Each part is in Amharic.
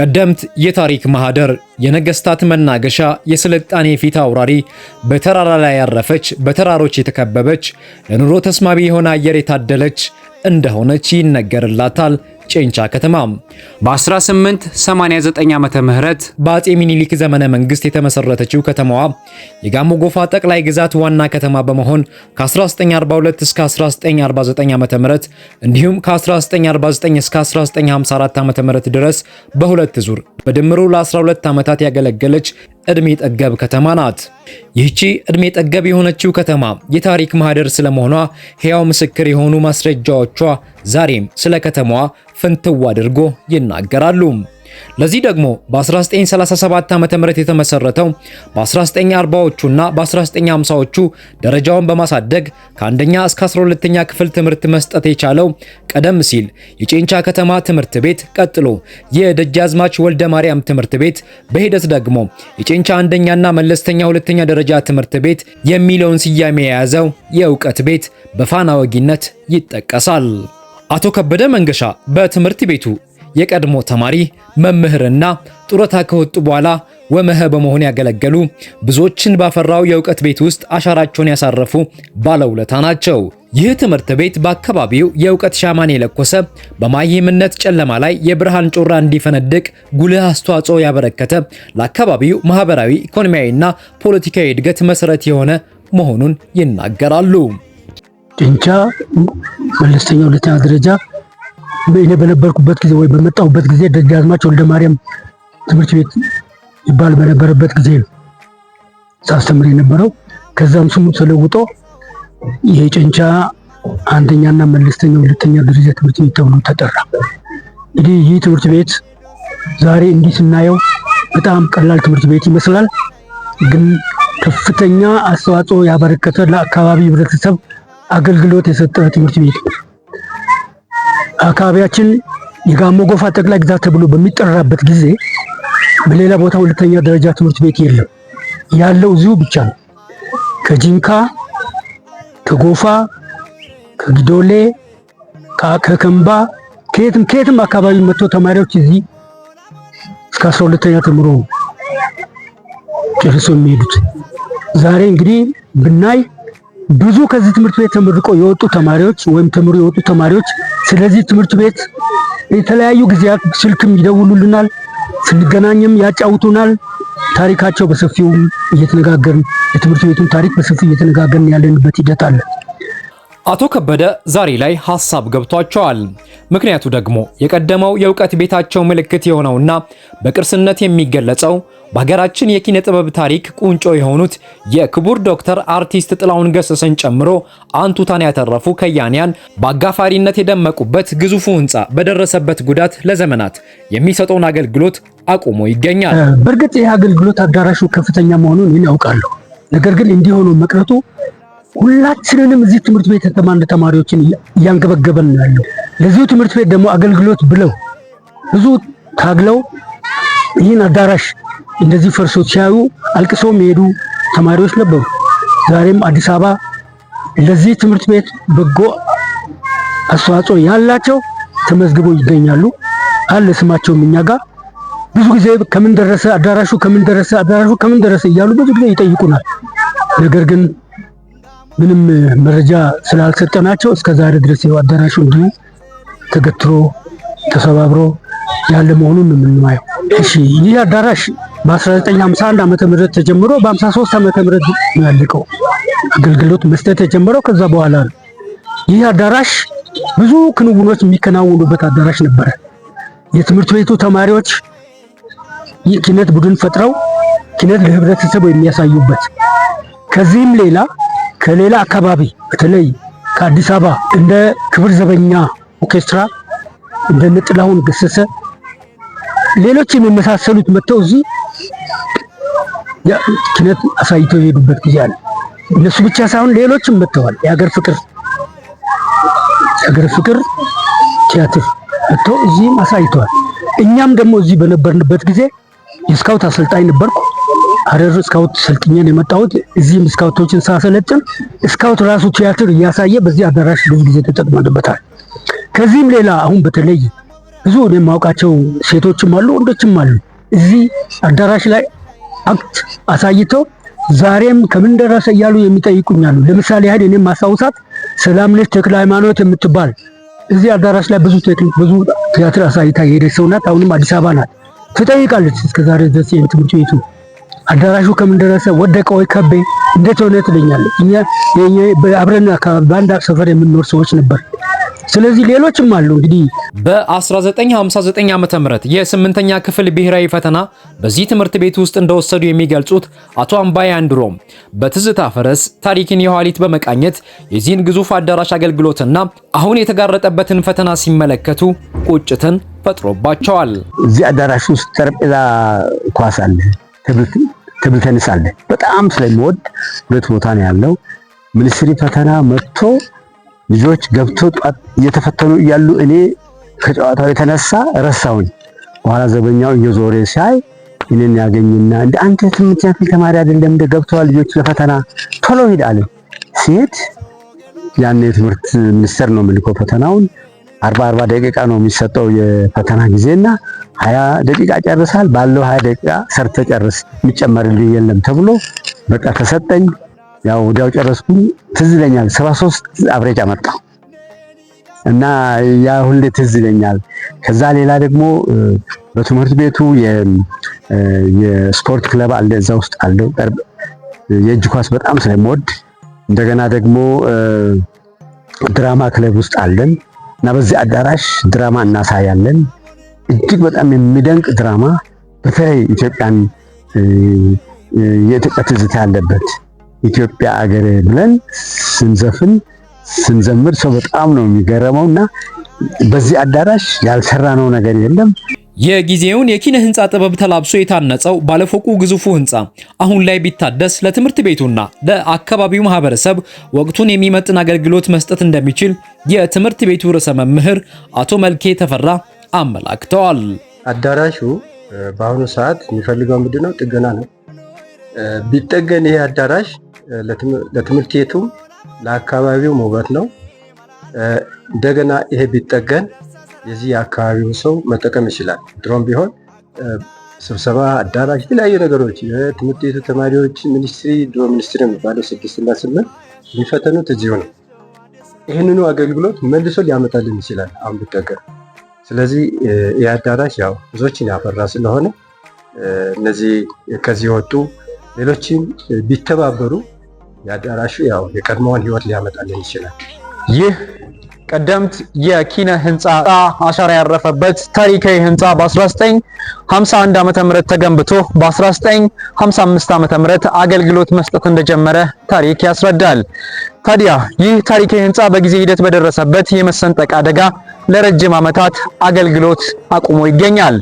ቀደምት የታሪክ ማህደር፣ የነገስታት መናገሻ፣ የስልጣኔ ፊት አውራሪ፣ በተራራ ላይ ያረፈች፣ በተራሮች የተከበበች፣ ለኑሮ ተስማሚ የሆነ አየር የታደለች እንደሆነች ይነገርላታል። ጨንቻ ከተማ በ1889 ዓመተ ምህረት በአፄ ሚኒሊክ ዘመነ መንግስት የተመሰረተችው ከተማዋ የጋሞ ጎፋ ጠቅላይ ግዛት ዋና ከተማ በመሆን ከ1942 እስከ 1949 ዓመተ ምህረት እንዲሁም ከ1949 እስከ 1954 ዓመተ ምህረት ድረስ በሁለት ዙር በድምሩ ለ12 ዓመታት ያገለገለች እድሜ ጠገብ ከተማ ናት። ይህቺ እድሜ ጠገብ የሆነችው ከተማ የታሪክ ማህደር ስለመሆኗ ሕያው ምስክር የሆኑ ማስረጃዎቿ ዛሬም ስለ ከተማዋ ፍንትው አድርጎ ይናገራሉ። ለዚህ ደግሞ በ1937 ዓ.ም የተመሰረተው በ1940ዎቹና በ1950ዎቹ ደረጃውን በማሳደግ ከአንደኛ እስከ 12ኛ ክፍል ትምህርት መስጠት የቻለው ቀደም ሲል የጨንቻ ከተማ ትምህርት ቤት፣ ቀጥሎ የደጃዝማች ወልደ ማርያም ትምህርት ቤት፣ በሂደት ደግሞ የጨንቻ አንደኛና መለስተኛ ሁለተኛ ደረጃ ትምህርት ቤት የሚለውን ስያሜ የያዘው የእውቀት ቤት በፋና ወጊነት ይጠቀሳል። አቶ ከበደ መንገሻ በትምህርት ቤቱ የቀድሞ ተማሪ መምህርና ጡረታ ከወጡ በኋላ ወመኸ በመሆን ያገለገሉ ብዙዎችን ባፈራው የእውቀት ቤት ውስጥ አሻራቸውን ያሳረፉ ባለውለታ ናቸው። ይህ ትምህርት ቤት በአካባቢው የእውቀት ሻማን የለኮሰ በማይምነት ጨለማ ላይ የብርሃን ጮራ እንዲፈነድቅ ጉልህ አስተዋጽኦ ያበረከተ ለአካባቢው ማህበራዊ፣ ኢኮኖሚያዊና ፖለቲካዊ እድገት መሰረት የሆነ መሆኑን ይናገራሉ። ጭንቻ መለስተኛ ሁለተኛ ደረጃ እኔ በነበርኩበት ጊዜ ወይ በመጣሁበት ጊዜ ደጃዝማች ወልደ ማርያም ትምህርት ቤት ይባል በነበረበት ጊዜ ሳስተምር የነበረው። ከዛም ስሙ ተለውጦ የጨንቻ አንደኛና መለስተኛ ሁለተኛ ደረጃ ትምህርት ቤት ተብሎ ተጠራ። እንግዲህ ይህ ትምህርት ቤት ዛሬ እንዲህ ስናየው በጣም ቀላል ትምህርት ቤት ይመስላል፣ ግን ከፍተኛ አስተዋጽኦ ያበረከተ ለአካባቢ ህብረተሰብ አገልግሎት የሰጠ ትምህርት ቤት ነው። አካባቢያችን የጋሞ ጎፋ ጠቅላይ ግዛት ተብሎ በሚጠራበት ጊዜ በሌላ ቦታ ሁለተኛ ደረጃ ትምህርት ቤት የለም። ያለው እዚሁ ብቻ ነው። ከጂንካ ከጎፋ ከግዶሌ፣ ከከምባ ከየትም ከየትም አካባቢ መጥቶ ተማሪዎች እዚህ እስከ አስራ ሁለተኛ ተምሮ ጨርሰው የሚሄዱት ዛሬ እንግዲህ ብናይ ብዙ ከዚህ ትምህርት ቤት ተመርቆ የወጡ ተማሪዎች ወይም ተምሩ የወጡ ተማሪዎች ስለዚህ ትምህርት ቤት የተለያዩ ጊዜያት ስልክም ይደውሉልናል፣ ስንገናኝም ያጫውቱናል። ታሪካቸው በሰፊው እየተነጋገርን የትምህርት ቤቱን ታሪክ በሰፊው እየተነጋገርን ያለንበት ሂደት አለ። አቶ ከበደ ዛሬ ላይ ሀሳብ ገብቷቸዋል። ምክንያቱ ደግሞ የቀደመው የእውቀት ቤታቸው ምልክት የሆነውና በቅርስነት የሚገለጸው በሀገራችን የኪነ ጥበብ ታሪክ ቁንጮ የሆኑት የክቡር ዶክተር አርቲስት ጥላሁን ገሰሰን ጨምሮ አንቱታን ያተረፉ ከያንያን በአጋፋሪነት የደመቁበት ግዙፉ ሕንፃ በደረሰበት ጉዳት ለዘመናት የሚሰጠውን አገልግሎት አቁሞ ይገኛል። በእርግጥ ይህ አገልግሎት አዳራሹ ከፍተኛ መሆኑን እኔ ነገር ግን እንዲሆኑ መቅረቱ ሁላችንንም እዚህ ትምህርት ቤት የተማንድ ተማሪዎችን እያንገበገበን ነው ያለው። ለዚሁ ትምህርት ቤት ደግሞ አገልግሎት ብለው ብዙ ታግለው ይህን አዳራሽ እንደዚህ ፈርሶ ሲያዩ አልቅሰው የሚሄዱ ተማሪዎች ነበሩ። ዛሬም አዲስ አበባ ለዚህ ትምህርት ቤት በጎ አስተዋጽኦ ያላቸው ተመዝግበው ይገኛሉ አለ ስማቸውም እኛ ጋር ብዙ ጊዜ ከምን ደረሰ አዳራሹ ከምን ደረሰ አዳራሹ ከምን ደረሰ እያሉ ብዙ ጊዜ ይጠይቁናል። ነገር ግን ምንም መረጃ ስላልሰጠናቸው እስከ ዛሬ ድረስ አዳራሹ እንዲሁ ተገትሮ ተሰባብሮ ያለ መሆኑን የምንማየው። እሺ ይህ አዳራሽ በ1951 ዓመተ ምህረት ተጀምሮ በ53 ዓ ምህረት ነው ያለቀው። አገልግሎት መስጠት የጀመረው ከዛ በኋላ ነው። ይህ አዳራሽ ብዙ ክንውኖች የሚከናወኑበት አዳራሽ ነበረ። የትምህርት ቤቱ ተማሪዎች ኪነት ቡድን ፈጥረው ኪነት ለህብረተሰቡ የሚያሳዩበት ከዚህም ሌላ ከሌላ አካባቢ በተለይ ከአዲስ አበባ እንደ ክብር ዘበኛ ኦርኬስትራ እንደ ንጥላውን ገሰሰ ሌሎች የሚመሳሰሉት መጥተው እዚህ ኪነት አሳይተው የሄዱበት ጊዜ አለ። እነሱ ብቻ ሳይሆን ሌሎችም መጥተዋል። የሀገር ፍቅር የሀገር ፍቅር ቲያትር መጥተው እዚህም አሳይተዋል። እኛም ደግሞ እዚህ በነበርንበት ጊዜ የስካውት አሰልጣኝ ነበርኩ። ሀረር ስካውት ሰልጥኘን የመጣሁት እዚህም ስካውቶችን ሳሰለጥን ስካውት ራሱ ቲያትር እያሳየ በዚህ አዳራሽ ብዙ ጊዜ ተጠቅመንበታል። ከዚህም ሌላ አሁን በተለይ ብዙ እኔ የማውቃቸው ሴቶችም አሉ ወንዶችም አሉ እዚህ አዳራሽ ላይ አክት አሳይተው ዛሬም ከምን ደረሰ እያሉ የሚጠይቁኛሉ። ለምሳሌ ያህል እኔም ማስታውሳት ሰላም ልጅ ተክለ ሃይማኖት የምትባል እዚህ አዳራሽ ላይ ብዙ ብዙ ቲያትር አሳይታ የሄደች ሰው ናት። አሁንም አዲስ አበባ ናት። ትጠይቃለች። ዛሬ ድረስ ትምህርት ቤቱ አዳራሹ ከምን ደረሰ ወደቀ ወይ ከቤ እንዴት ሆነ ትለኛለች። እኛ የኛ አብረን በአንድ ሰፈር የምንኖር ሰዎች ነበር። ስለዚህ ሌሎችም አሉ። እንግዲህ በ1959 ዓ ም የስምንተኛ ክፍል ብሔራዊ ፈተና በዚህ ትምህርት ቤት ውስጥ እንደወሰዱ የሚገልጹት አቶ አምባይ አንድሮም በትዝታ ፈረስ ታሪክን የኋሊት በመቃኘት የዚህን ግዙፍ አዳራሽ አገልግሎትና አሁን የተጋረጠበትን ፈተና ሲመለከቱ ቁጭትን ፈጥሮባቸዋል። እዚህ አዳራሽ ውስጥ ጠረጴዛ ኳስ አለ፣ ትብል ቴኒስ አለ። በጣም ስለሚወድ ሁለት ቦታ ነው ያለው። ሚኒስትሪ ፈተና መጥቶ ልጆች ገብቶ ጧት እየተፈተኑ እያሉ እኔ ከጨዋታው የተነሳ ረሳሁኝ። በኋላ ዘበኛው እየዞረ ሲያይ እኔን ያገኝና እንደ አንተ ትምህርት ያክል ተማሪ አይደለም እንደ ገብተዋል ልጆች ለፈተና ቶሎ ሂድ አለ። ሲሄድ ያኔ የትምህርት ሚኒስቴር ነው የምልኮ ፈተናውን አርባ አርባ ደቂቃ ነው የሚሰጠው የፈተና ጊዜና ሀያ ደቂቃ ጨርሳል ባለው ሀያ ደቂቃ ሰርተ ጨርስ የሚጨመርልህ የለም ተብሎ በቃ ተሰጠኝ። ያው ወዲያው ጨረስኩኝ። ትዝ ይለኛል ሰባ ሶስት አብሬጅ አመጣሁ እና ያ ሁሌ ትዝ ይለኛል። ከዛ ሌላ ደግሞ በትምህርት ቤቱ የስፖርት ክለብ አለ፣ እዛ ውስጥ አለው። የእጅ ኳስ በጣም ስለምወድ እንደገና ደግሞ ድራማ ክለብ ውስጥ አለን። እና በዚህ አዳራሽ ድራማ እናሳያለን። እጅግ በጣም የሚደንቅ ድራማ፣ በተለይ ኢትዮጵያን የኢትዮጵያ ትዝታ ያለበት ኢትዮጵያ አገር ብለን ስንዘፍን ስንዘምር ሰው በጣም ነው የሚገረመው እና በዚህ አዳራሽ ያልሰራነው ነገር የለም። የጊዜውን የኪነ ህንፃ ጥበብ ተላብሶ የታነጸው ባለፎቁ ግዙፉ ህንፃ አሁን ላይ ቢታደስ ለትምህርት ቤቱና ለአካባቢው ማህበረሰብ ወቅቱን የሚመጥን አገልግሎት መስጠት እንደሚችል የትምህርት ቤቱ ርዕሰ መምህር አቶ መልኬ ተፈራ አመላክተዋል። አዳራሹ በአሁኑ ሰዓት የሚፈልገው ነው ጥገና ነው። ቢጠገን ይሄ አዳራሽ ለትምህርት ቤቱም ለአካባቢው ውበት ነው። እንደገና ይሄ ቢጠገን የዚህ አካባቢው ሰው መጠቀም ይችላል። ድሮም ቢሆን ስብሰባ አዳራሽ፣ የተለያዩ ነገሮች የትምህርት ቤቱ ተማሪዎች ሚኒስትሪ፣ ድሮ ሚኒስትሪ የሚባለው ስድስት እና ስምንት የሚፈተኑት እዚሁ ነው። ይህንኑ አገልግሎት መልሶ ሊያመጣልን ይችላል አሁን ብጠቀም። ስለዚህ ይህ አዳራሽ ያው ብዙዎችን ያፈራ ስለሆነ እነዚህ ከዚህ ወጡ ሌሎችም ቢተባበሩ የአዳራሹ ያው የቀድሞውን ህይወት ሊያመጣልን ይችላል ይህ ቀደምት የኪነ ህንፃ አሻራ ያረፈበት ታሪካዊ ህንፃ በ1951 ዓም ምህረት ተገንብቶ በ1955 ዓመተ ምህረት አገልግሎት መስጠት እንደጀመረ ታሪክ ያስረዳል። ታዲያ ይህ ታሪካዊ ህንፃ በጊዜ ሂደት በደረሰበት የመሰንጠቅ አደጋ ለረጅም ዓመታት አገልግሎት አቁሞ ይገኛል።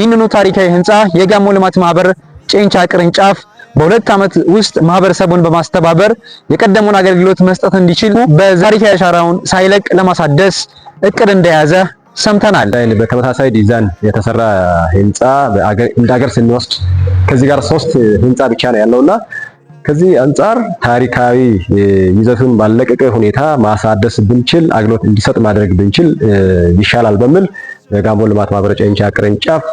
ይህንኑ ታሪካዊ ህንፃ የጋሞ ልማት ማህበር ጨንቻ ቅርንጫፍ በሁለት ዓመት ውስጥ ማህበረሰቡን በማስተባበር የቀደሙን አገልግሎት መስጠት እንዲችል በዛሬ አሻራውን ሳይለቅ ለማሳደስ እቅድ እንደያዘ ሰምተናል። በተመሳሳይ ዲዛይን የተሰራ ህንፃ እንደ ሀገር ስንወስድ ከዚህ ጋር ሶስት ህንፃ ብቻ ነው ያለውና ከዚህ አንጻር ታሪካዊ ይዘቱን ባለቀቀ ሁኔታ ማሳደስ ብንችል አግሎት እንዲሰጥ ማድረግ ብንችል ይሻላል በሚል በጋሞ ልማት ማህበር ጨንቻ ቅርንጫፍ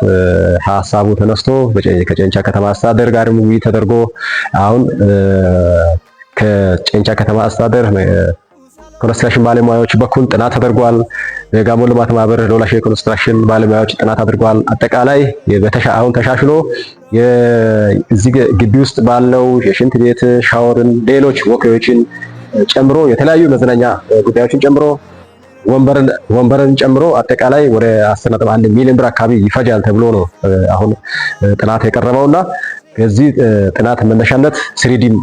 ሀሳቡ ተነስቶ ከጨንቻ ከተማ አስተዳደር ጋር ውይይት ተደርጎ አሁን ከጨንቻ ከተማ አስተዳደር ኮንስትራክሽን ባለሙያዎች በኩል ጥናት ተደርጓል። የጋሞ ልማት ማህበር ሎላሽ የኮንስትራክሽን ባለሙያዎች ጥናት አድርጓል። አጠቃላይ አሁን ተሻሽሎ እዚህ ግቢ ውስጥ ባለው የሽንት ቤት ሻወርን፣ ሌሎች ወኪዎችን ጨምሮ የተለያዩ መዝናኛ ጉዳዮችን ጨምሮ ወንበርን ጨምሮ አጠቃላይ ወደ 11 ሚሊዮን ብር አካባቢ ይፈጃል ተብሎ ነው አሁን ጥናት የቀረበውና ከዚህ ጥናት መነሻነት ስሪዲም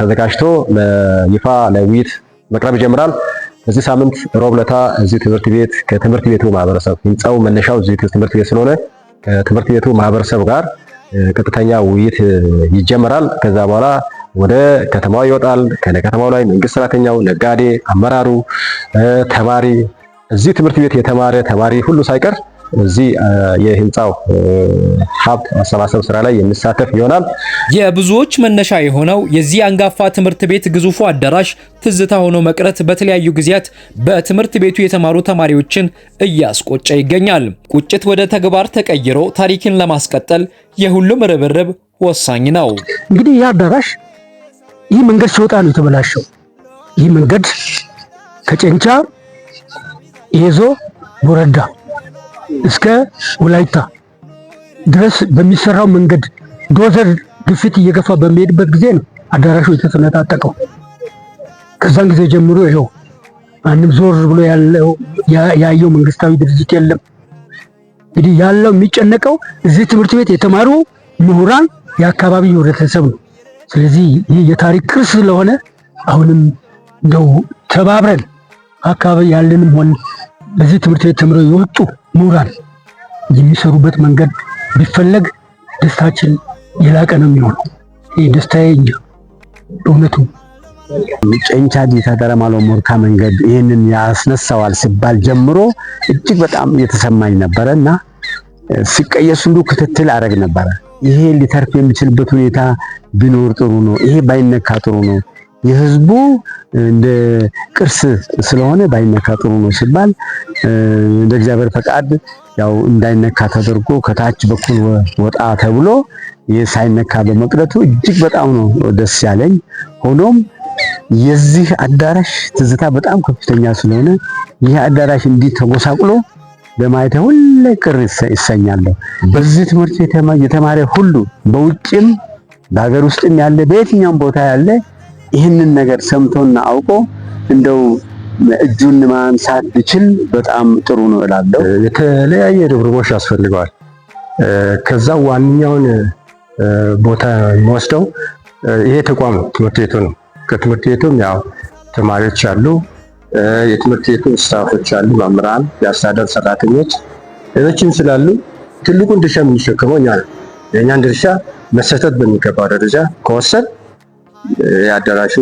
ተዘጋጅቶ ለይፋ ለውይይት መቅረብ ይጀምራል። በዚህ ሳምንት ሮብለታ እዚህ ትምህርት ቤት ከትምህርት ቤቱ ማህበረሰብ ህንፃው መነሻው እዚህ ትምህርት ቤት ስለሆነ ከትምህርት ቤቱ ማህበረሰብ ጋር ቀጥተኛ ውይይት ይጀምራል። ከዛ በኋላ ወደ ከተማው ይወጣል። ከከተማው ላይ መንግስት ሰራተኛው፣ ነጋዴ፣ አመራሩ፣ ተማሪ እዚህ ትምህርት ቤት የተማረ ተማሪ ሁሉ ሳይቀር እዚህ የህንፃው ሀብት አሰባሰብ ስራ ላይ የሚሳተፍ ይሆናል። የብዙዎች መነሻ የሆነው የዚህ አንጋፋ ትምህርት ቤት ግዙፉ አዳራሽ ትዝታ ሆኖ መቅረት በተለያዩ ጊዜያት በትምህርት ቤቱ የተማሩ ተማሪዎችን እያስቆጨ ይገኛል። ቁጭት ወደ ተግባር ተቀይሮ ታሪክን ለማስቀጠል የሁሉም ርብርብ ወሳኝ ነው። እንግዲህ ይህ አዳራሽ ይህ መንገድ ሲወጣ ነው የተበላሸው። ይህ መንገድ ከጨንቻ ኤዞ ቦረዳ እስከ ወላይታ ድረስ በሚሰራው መንገድ ዶዘር ግፊት እየገፋ በሚሄድበት ጊዜ ነው አዳራሹ የተሰነጣጠቀው። ከዛን ጊዜ ጀምሮ ይኸው አንም ዞር ብሎ ያለው ያየው መንግስታዊ ድርጅት የለም። እንግዲህ ያለው የሚጨነቀው እዚህ ትምህርት ቤት የተማሩ ምሁራን፣ የአካባቢ ህብረተሰብ ነው። ስለዚህ ይህ የታሪክ ቅርስ ስለሆነ አሁንም እንደው ተባብረን አካባቢ ያለንም ሆን በዚህ ትምህርት ቤት ተምረው የወጡ ምሁራን የሚሰሩበት መንገድ ቢፈለግ ደስታችን የላቀ ነው የሚሆነው። ይህ ደስታዬ እኛ እውነቱ ጨንቻ ጌታ ደረማሎ ሞርካ መንገድ ይህንን ያስነሳዋል ሲባል ጀምሮ እጅግ በጣም እየተሰማኝ ነበረ እና ሲቀየሱ ሁሉ ክትትል አደረግ ነበረ። ይሄ ሊተርፍ የሚችልበት ሁኔታ ቢኖር ጥሩ ነው። ይሄ ባይነካ ጥሩ ነው። የህዝቡ እንደ ቅርስ ስለሆነ ባይነካ ጥሩ ነው ሲባል እንደ እግዚአብሔር ፈቃድ ያው እንዳይነካ ተደርጎ ከታች በኩል ወጣ ተብሎ ይህ ሳይነካ በመቅረቱ እጅግ በጣም ነው ደስ ያለኝ። ሆኖም የዚህ አዳራሽ ትዝታ በጣም ከፍተኛ ስለሆነ ይህ አዳራሽ እንዲህ ተጎሳቁሎ በማየት ሁሌ ቅር ይሰኛለሁ። በዚህ ትምህርት የተማረ ሁሉ በውጭም በሀገር ውስጥም ያለ በየትኛውም ቦታ ያለ ይህንን ነገር ሰምቶና አውቆ እንደው እጁን ማንሳት ቢችል በጣም ጥሩ ነው እላለሁ። የተለያየ ርብርቦች ያስፈልገዋል። ከዛ ዋነኛውን ቦታ የሚወስደው ይሄ ተቋም ትምህርት ቤቱ ነው። ከትምህርት ቤቱም ያው ተማሪዎች አሉ። የትምህርት ቤቱ ስታፎች አሉ፣ መምህራን፣ የአስተዳደር ሰራተኞች፣ ሌሎችም ስላሉ ትልቁን ድርሻ የምንሸከመው እኛ ነው። የእኛን ድርሻ መሰተት በሚገባ ደረጃ ከወሰን የአዳራሹ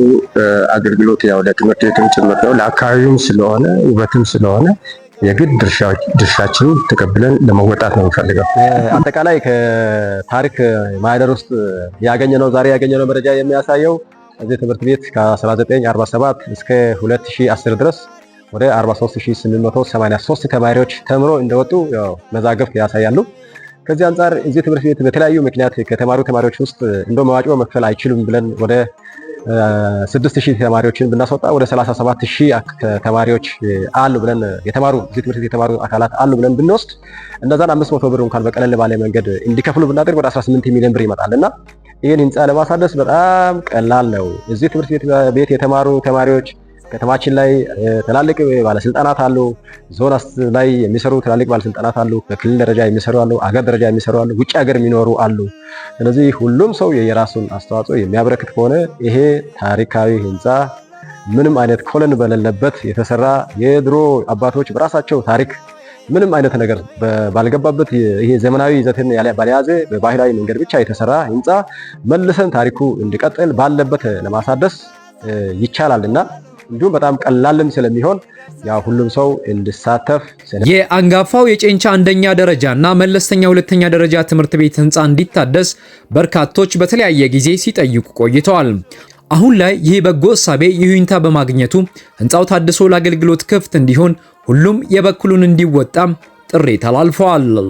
አገልግሎት ያው ለትምህርት ቤቱም ጭምር ነው፣ ለአካባቢውም ስለሆነ ውበትም ስለሆነ የግድ ድርሻችንን ተቀብለን ለመወጣት ነው የሚፈልገው። አጠቃላይ ከታሪክ ማህደር ውስጥ ያገኘነው ዛሬ ያገኘነው መረጃ የሚያሳየው እዚህ ትምህርት ቤት ከ1947 እስከ 2010 ድረስ ወደ 43883 ተማሪዎች ተምሮ እንደወጡ መዛግብት ያሳያሉ። ከዚህ አንጻር እዚህ ትምህርት ቤት በተለያዩ ምክንያት ከተማሩ ተማሪዎች ውስጥ እንደ መዋጮ መክፈል አይችሉም ብለን ወደ 6000 ተማሪዎችን ብናስወጣ ወደ 37000 ተማሪዎች አሉ ብለን የተማሩ እዚህ ትምህርት ቤት የተማሩ አካላት አሉ ብለን ብንወስድ እነዛን 500 ብር እንኳን በቀለል ባለ መንገድ እንዲከፍሉ ብናደርግ ወደ 18 ሚሊዮን ብር ይመጣል እና ይህን ህንፃ ለማሳደስ በጣም ቀላል ነው። እዚህ ትምህርት ቤት የተማሩ ተማሪዎች ከተማችን ላይ ትላልቅ ባለስልጣናት አሉ። ዞን ላይ የሚሰሩ ትላልቅ ባለስልጣናት አሉ። በክልል ደረጃ የሚሰሩ አሉ። አገር ደረጃ የሚሰሩ አሉ። ውጭ ሀገር የሚኖሩ አሉ። ስለዚህ ሁሉም ሰው የራሱን አስተዋጽኦ የሚያበረክት ከሆነ ይሄ ታሪካዊ ህንፃ ምንም አይነት ኮለን በሌለበት የተሰራ የድሮ አባቶች በራሳቸው ታሪክ ምንም አይነት ነገር ባልገባበት ይሄ ዘመናዊ ይዘትን ባልያዘ በባህላዊ መንገድ ብቻ የተሰራ ህንፃ መልሰን ታሪኩ እንዲቀጥል ባለበት ለማሳደስ ይቻላል እና እንዲሁም በጣም ቀላልም ስለሚሆን ያ ሁሉም ሰው እንዲሳተፍ። የአንጋፋው የጨንቻ አንደኛ ደረጃ እና መለስተኛ ሁለተኛ ደረጃ ትምህርት ቤት ህንፃ እንዲታደስ በርካቶች በተለያየ ጊዜ ሲጠይቁ ቆይተዋል። አሁን ላይ ይህ በጎ እሳቤ ይሁንታ በማግኘቱ ህንፃው ታድሶ ለአገልግሎት ክፍት እንዲሆን ሁሉም የበኩሉን እንዲወጣም ጥሪ ተላልፈዋል።